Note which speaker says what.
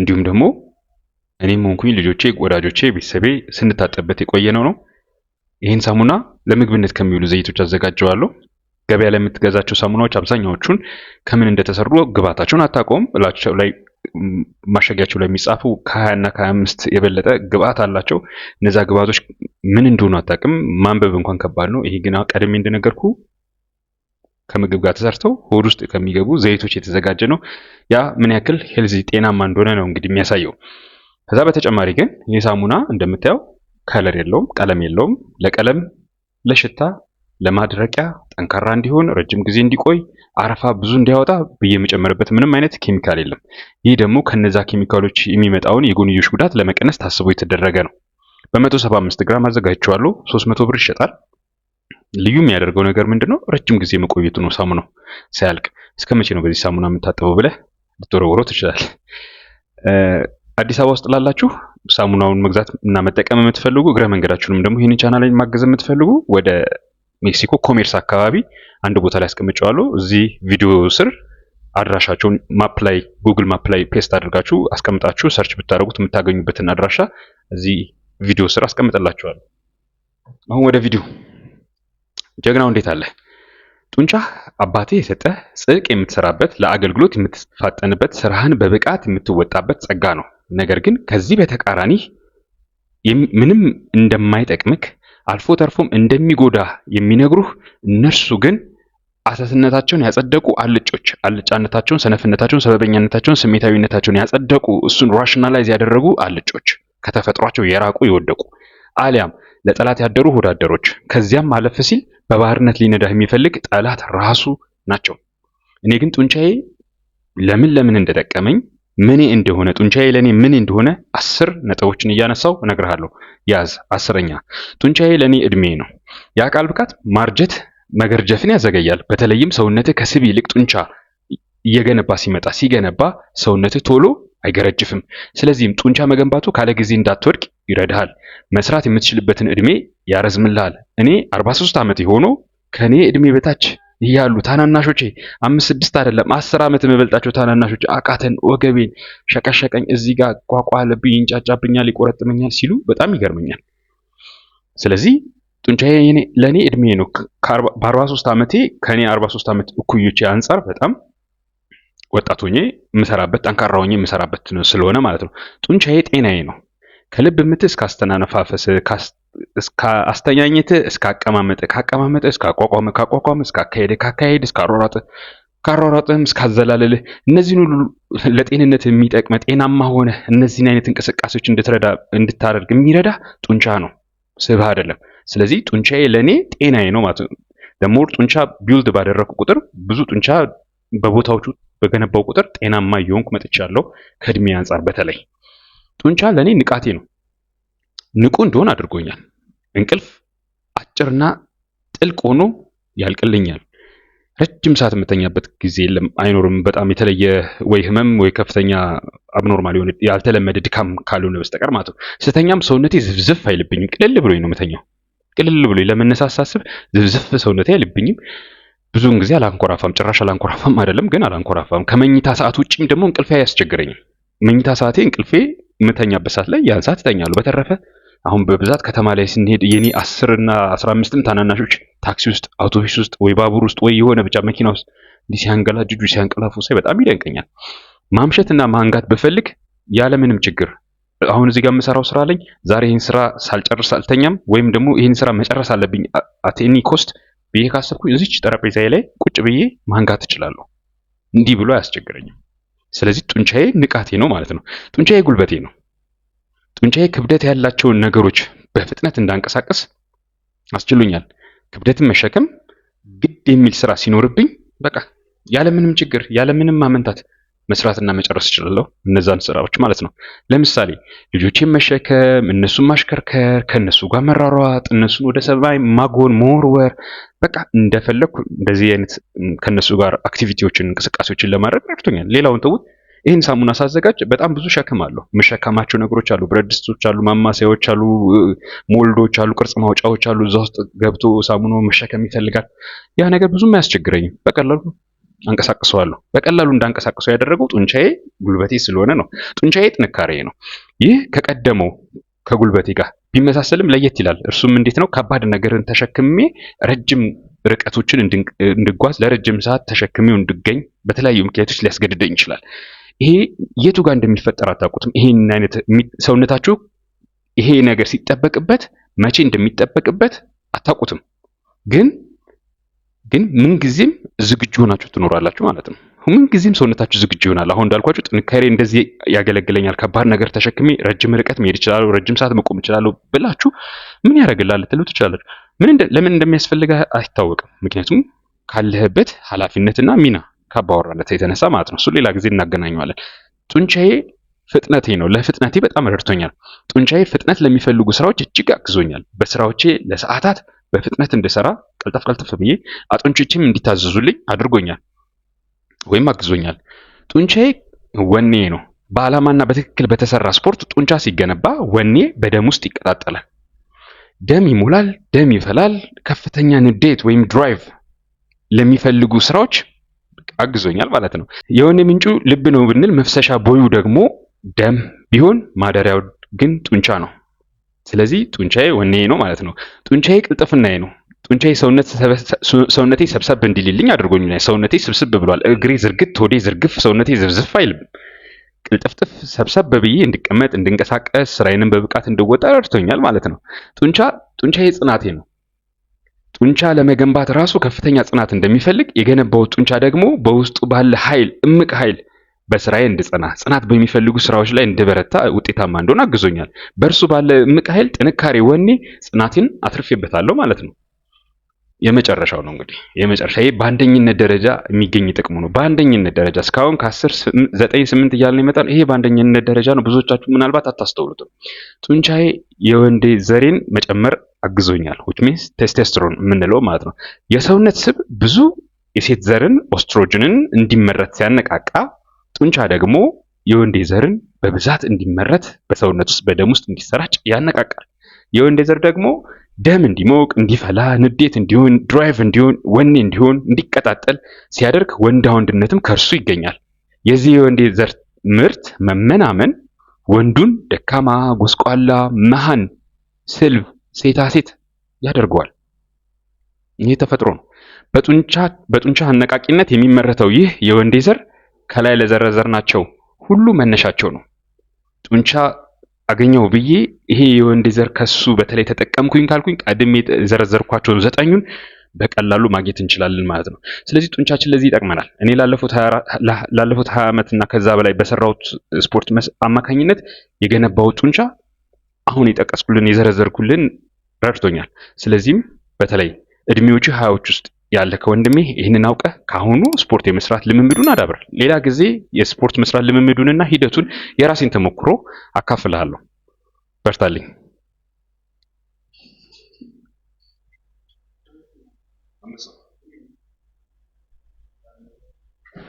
Speaker 1: እንዲሁም ደግሞ እኔም ሆንኩኝ ልጆቼ፣ ወዳጆቼ፣ ቤተሰቤ ስንታጠበት የቆየ ነው ነው። ይህን ሳሙና ለምግብነት ከሚውሉ ዘይቶች አዘጋጀዋለሁ። ገበያ ላይ የምትገዛቸው ሳሙናዎች አብዛኛዎቹን ከምን እንደተሰሩ ግብአታቸውን አታውቀውም። እላቸው ላይ ማሸጊያቸው ላይ የሚጻፉ ከሀያ እና ከሀያ አምስት የበለጠ ግብአት አላቸው። እነዛ ግብአቶች ምን እንደሆኑ አታውቅም። ማንበብ እንኳን ከባድ ነው። ይሄ ግን ቀደሜ እንደነገርኩ ከምግብ ጋር ተሰርተው ሆድ ውስጥ ከሚገቡ ዘይቶች የተዘጋጀ ነው። ያ ምን ያክል ሄልዚ ጤናማ እንደሆነ ነው እንግዲህ የሚያሳየው። ከዛ በተጨማሪ ግን ይህ ሳሙና እንደምታየው ከለር የለውም፣ ቀለም የለውም። ለቀለም ለሽታ ለማድረቂያ ጠንካራ እንዲሆን ረጅም ጊዜ እንዲቆይ አረፋ ብዙ እንዲያወጣ ብዬ የምጨምርበት ምንም አይነት ኬሚካል የለም። ይህ ደግሞ ከነዛ ኬሚካሎች የሚመጣውን የጎንዮሽ ጉዳት ለመቀነስ ታስቦ የተደረገ ነው። በ175 ግራም አዘጋጅቼዋለሁ። 300 ብር ይሸጣል። ልዩ የሚያደርገው ነገር ምንድን ነው? ረጅም ጊዜ መቆየቱ ነው። ሳሙናው ሳያልቅ እስከ መቼ ነው በዚህ ሳሙና የምታጠበው ብለህ ልትወረውረው ትችላል። አዲስ አበባ ውስጥ ላላችሁ ሳሙናውን መግዛት እና መጠቀም የምትፈልጉ እግረ መንገዳችሁንም ደግሞ ይህን ቻናል ላይ ማገዝ የምትፈልጉ ወደ ሜክሲኮ ኮሜርስ አካባቢ አንድ ቦታ ላይ አስቀምጨዋለሁ። እዚህ ቪዲዮ ስር አድራሻቸውን ማፕ ላይ ጉግል ማፕ ላይ ፔስት አድርጋችሁ አስቀምጣችሁ ሰርች ብታደርጉት የምታገኙበትን አድራሻ እዚህ ቪዲዮ ስር አስቀምጠላችኋለሁ። አሁን ወደ ቪዲዮ ጀግናው እንዴት አለ ጡንቻ አባቴ የሰጠህ ጽድቅ የምትሰራበት ለአገልግሎት የምትፋጠንበት ስራህን በብቃት የምትወጣበት ጸጋ ነው። ነገር ግን ከዚህ በተቃራኒ ምንም እንደማይጠቅምክ አልፎ ተርፎም እንደሚጎዳ የሚነግሩህ እነርሱ ግን አሳስነታቸውን ያጸደቁ አልጮች አልጫነታቸውን፣ ሰነፍነታቸውን፣ ሰበበኛነታቸውን፣ ስሜታዊነታቸውን ያጸደቁ እሱን ራሽናላይዝ ያደረጉ አልጮች ከተፈጥሯቸው የራቁ የወደቁ አሊያም ለጠላት ያደሩ ወዳደሮች ከዚያም አለፍ ሲል በባህርነት ሊነዳህ የሚፈልግ ጠላት ራሱ ናቸው። እኔ ግን ጡንቻዬ ለምን ለምን እንደጠቀመኝ ምን እንደሆነ ጡንቻዬ ለእኔ ምን እንደሆነ አስር ነጥቦችን እያነሳው እነግርሃለሁ። ያዝ። አስረኛ ጡንቻዬ ለእኔ እድሜ ነው። የአካል ብቃት ማርጀት መገርጀፍን ያዘገያል። በተለይም ሰውነትህ ከስብ ይልቅ ጡንቻ እየገነባ ሲመጣ ሲገነባ ሰውነትህ ቶሎ አይገረጅፍም። ስለዚህም ጡንቻ መገንባቱ ካለ ጊዜ እንዳትወድቅ ይረዳሃል። መስራት የምትችልበትን እድሜ ያረዝምልሃል። እኔ 43 ዓመት የሆነው ከኔ እድሜ በታች እያሉ ታናናሾቼ አምስት ስድስት አይደለም አስር ዓመት የምበልጣቸው ታናናሾች አቃተን፣ ወገቤን ሸቀሸቀኝ፣ እዚህ ጋር ቋቋለብኝ፣ ይንጫጫብኛል፣ ይቆረጥመኛል ሲሉ በጣም ይገርመኛል። ስለዚህ ጡንቻዬ ለእኔ እድሜ ነው። በ43 ዓመቴ ከኔ 43 ዓመት እኩዮቼ አንጻር በጣም ወጣት ሆኜ የምሰራበት ጠንካራ ሆኜ የምሰራበት ስለሆነ ማለት ነው። ጡንቻዬ ጤናዬ ነው። ከልብ ምት እስከ አስተናነፋፈስ እስከ አስተኛኘት እስከ አቀማመጥ ካቀማመጥ እስከ አቋቋም ከአቋቋም እስከ አካሄደ ካካሄድ እስከ አሯሯጥ ካሯሯጥም እስከ አዘላለል እነዚህን ሁሉ ለጤንነት የሚጠቅመ ጤናማ ሆነ እነዚህን አይነት እንቅስቃሴዎች እንድትረዳ እንድታደርግ የሚረዳ ጡንቻ ነው፣ ስብህ አይደለም። ስለዚህ ጡንቻዬ ለእኔ ጤናዬ ነው ማለት ነው። ደሞር ጡንቻ ቢውልድ ባደረግኩ ቁጥር ብዙ ጡንቻ በቦታዎቹ በገነባው ቁጥር ጤናማ እየሆንኩ መጥቻለሁ። ከእድሜ አንጻር በተለይ ጡንቻ ለእኔ ንቃቴ ነው። ንቁ እንደሆን አድርጎኛል። እንቅልፍ አጭርና ጥልቅ ሆኖ ያልቅልኛል። ረጅም ሰዓት የምተኛበት ጊዜ የለም አይኖርም። በጣም የተለየ ወይ ህመም ወይ ከፍተኛ አብኖርማል የሆነ ያልተለመደ ድካም ካልሆነ በስተቀር ማለት ነው። ስተኛም ሰውነቴ ዝፍዝፍ አይልብኝም። ቅልል ብሎኝ ነው የምተኛው። ቅልል ብሎኝ ለመነሳት ሳስብ ዝፍዝፍ ሰውነቴ አይልብኝም። ብዙውን ጊዜ አላንኮራፋም፣ ጭራሽ አላንኮራፋም አይደለም ግን አላንኮራፋም። ከመኝታ ሰዓት ውጭም ደግሞ እንቅልፌ አያስቸግረኝም። መኝታ ሰዓቴ እንቅልፌ የምተኛበት ሰዓት ላይ ያን ሰዓት ይተኛሉ። በተረፈ አሁን በብዛት ከተማ ላይ ስንሄድ የኔ አስር እና አስራ አምስትም ታናናሾች ታክሲ ውስጥ፣ አውቶቡስ ውስጥ ወይ ባቡር ውስጥ ወይ የሆነ ብቻ መኪና ውስጥ እንዲህ ሲያንገላጅጁ ሲያንቀላፉ ሳይ በጣም ይደንቀኛል። ማምሸትና ማንጋት ብፈልግ ያለምንም ችግር አሁን እዚህ ጋር የምሰራው ስራ አለኝ። ዛሬ ይህን ስራ ሳልጨርስ አልተኛም፣ ወይም ደግሞ ይህን ስራ መጨረስ አለብኝ አት ኤኒ ኮስት ብዬ ካሰብኩኝ እዚች ጠረጴዛዬ ላይ ቁጭ ብዬ ማንጋት እችላለሁ። እንዲህ ብሎ አያስቸግረኝም። ስለዚህ ጡንቻዬ ንቃቴ ነው ማለት ነው። ጡንቻዬ ጉልበቴ ነው። ጡንቻዬ ክብደት ያላቸውን ነገሮች በፍጥነት እንዳንቀሳቀስ አስችሎኛል። ክብደትን መሸከም ግድ የሚል ስራ ሲኖርብኝ በቃ ያለምንም ችግር ያለምንም ማመንታት መስራትና መጨረስ እችላለሁ። እነዛን ስራዎች ማለት ነው። ለምሳሌ ልጆችን መሸከም፣ እነሱን ማሽከርከር፣ ከእነሱ ጋር መራሯጥ፣ እነሱን ወደ ሰማይ ማጎን መወርወር፣ በቃ እንደፈለግኩ እንደዚህ አይነት ከእነሱ ጋር አክቲቪቲዎችን እንቅስቃሴዎችን ለማድረግ ረድቶኛል። ሌላውን ተውት። ይህን ሳሙና ሳዘጋጅ በጣም ብዙ ሸክም አለው። መሸከማቸው ነገሮች አሉ፣ ብረት ድስቶች አሉ፣ ማማሰያዎች አሉ፣ ሞልዶች አሉ፣ ቅርጽ ማውጫዎች አሉ። እዛ ውስጥ ገብቶ ሳሙናው መሸከም ይፈልጋል። ያ ነገር ብዙም አያስቸግረኝም በቀላሉ አንቀሳቅሰዋለሁ። በቀላሉ እንዳንቀሳቅሰው ያደረገው ጡንቻዬ ጉልበቴ ስለሆነ ነው። ጡንቻዬ ጥንካሬ ነው። ይህ ከቀደመው ከጉልበቴ ጋር ቢመሳሰልም ለየት ይላል። እርሱም እንዴት ነው? ከባድ ነገርን ተሸክሜ ረጅም ርቀቶችን እንድጓዝ ለረጅም ሰዓት ተሸክሜው እንድገኝ በተለያዩ ምክንያቶች ሊያስገድደኝ ይችላል። ይሄ የቱ ጋር እንደሚፈጠር አታውቁትም። ይሄን አይነት ሰውነታችሁ ይሄ ነገር ሲጠበቅበት መቼ እንደሚጠበቅበት አታውቁትም ግን ግን ምንጊዜም ዝግጁ ሆናችሁ ትኖራላችሁ ማለት ነው። ምንጊዜም ሰውነታችሁ ዝግጁ ይሆናል። አሁን እንዳልኳችሁ ጥንካሬ እንደዚህ ያገለግለኛል፣ ከባድ ነገር ተሸክሜ ረጅም ርቀት መሄድ ይችላሉ፣ ረጅም ሰዓት መቆም እችላለሁ ብላችሁ ምን ያደርግላል ልትሉ ትችላላችሁ። ለምን እንደሚያስፈልግ አይታወቅም። ምክንያቱም ካለህበት ኃላፊነትና ሚና ካባወራነት የተነሳ ማለት ነው። እሱ ሌላ ጊዜ እናገናኘዋለን። ጡንቻዬ ፍጥነቴ ነው። ለፍጥነቴ በጣም ረድቶኛል። ጡንቻዬ ፍጥነት ለሚፈልጉ ስራዎች እጅግ አግዞኛል። በስራዎቼ ለሰዓታት በፍጥነት እንድሰራ ቀልጠፍ ቀልጠፍ ብዬ አጥንቾችም እንዲታዘዙልኝ አድርጎኛል ወይም አግዞኛል። ጡንቻዬ ወኔ ነው። በዓላማና በትክክል በተሰራ ስፖርት ጡንቻ ሲገነባ ወኔ በደም ውስጥ ይቀጣጠላል። ደም ይሞላል፣ ደም ይፈላል። ከፍተኛ ንዴት ወይም ድራይቭ ለሚፈልጉ ስራዎች አግዞኛል ማለት ነው። የወኔ ምንጩ ልብ ነው ብንል መፍሰሻ ቦዩ ደግሞ ደም ቢሆን ማደሪያው ግን ጡንቻ ነው። ስለዚህ ጡንቻዬ ወኔ ነው ማለት ነው። ጡንቻዬ ቅልጥፍናዬ ነው። ጡንቻዬ ሰውነቴ ሰብሰብ እንዲልልኝ አድርጎኛል። ሰውነቴ ስብስብ ብሏል። እግሬ ዝርግት፣ ሆዴ ዝርግፍ፣ ሰውነቴ ዝብዝፍ አይልም። ቅልጥፍጥፍ ሰብሰብ ብዬ እንድቀመጥ እንድንቀሳቀስ ስራዬንም በብቃት እንድወጣ ረድቶኛል ማለት ነው። ጡንቻ ጡንቻዬ ጽናቴ ነው። ጡንቻ ለመገንባት ራሱ ከፍተኛ ጽናት እንደሚፈልግ የገነባው ጡንቻ ደግሞ በውስጡ ባለ ኃይል እምቅ ኃይል በስራዬ እንድጸና ጽናት በሚፈልጉ ስራዎች ላይ እንድበረታ ውጤታማ እንደሆነ አግዞኛል። በእርሱ ባለ እምቅ ኃይል፣ ጥንካሬ፣ ወኔ ጽናቴን አትርፌበታለሁ ማለት ነው። የመጨረሻው ነው እንግዲህ የመጨረሻ ይሄ በአንደኝነት ደረጃ የሚገኝ ጥቅሙ ነው። በአንደኝነት ደረጃ እስካሁን ከአስር ዘጠኝ ስምንት እያልን ይመጣል። ይሄ በአንደኝነት ደረጃ ነው። ብዙዎቻችሁ ምናልባት አታስተውሉትም። ጡንቻዬ የወንዴ ዘሬን መጨመር አግዞኛል። ዊች ሚንስ ቴስቴስትሮን የምንለው ማለት ነው። የሰውነት ስብ ብዙ የሴት ዘርን ኦስትሮጅንን እንዲመረት ሲያነቃቃ ጡንቻ ደግሞ የወንዴ ዘርን በብዛት እንዲመረት በሰውነት ውስጥ በደም ውስጥ እንዲሰራጭ ያነቃቃል። የወንዴ ዘር ደግሞ ደም እንዲሞቅ፣ እንዲፈላ፣ ንዴት እንዲሆን፣ ድራይቭ እንዲሆን፣ ወኔ እንዲሆን፣ እንዲቀጣጠል ሲያደርግ ወንዳ ወንድነትም ከእርሱ ይገኛል። የዚህ የወንዴ ዘር ምርት መመናመን ወንዱን ደካማ፣ ጎስቋላ፣ መሃን፣ ስልብ፣ ሴታሴት ያደርገዋል። ይህ ተፈጥሮ ነው። በጡንቻ በጡንቻ አነቃቂነት የሚመረተው ይህ የወንዴ ዘር ከላይ ለዘረዘርናቸው ሁሉ መነሻቸው ነው። ጡንቻ አገኘው ብዬ ይሄ የወንድ ዘር ከሱ በተለይ ተጠቀምኩኝ ካልኩኝ ቀድሜ የዘረዘርኳቸውን ዘጠኙን በቀላሉ ማግኘት እንችላለን ማለት ነው። ስለዚህ ጡንቻችን ለዚህ ይጠቅመናል። እኔ ላለፉት ሀያ ዓመት እና ከዛ በላይ በሰራሁት ስፖርት አማካኝነት የገነባው ጡንቻ አሁን የጠቀስኩልን የዘረዘርኩልን ረድቶኛል። ስለዚህም በተለይ እድሜዎቹ ሀያዎች ውስጥ ያለ ከወንድሜ ይህንን አውቀህ ከአሁኑ ስፖርት የመስራት ልምምዱን አዳብር። ሌላ ጊዜ የስፖርት መስራት ልምምዱንና ሂደቱን የራሴን ተሞክሮ አካፍልሃለሁ። በርታልኝ።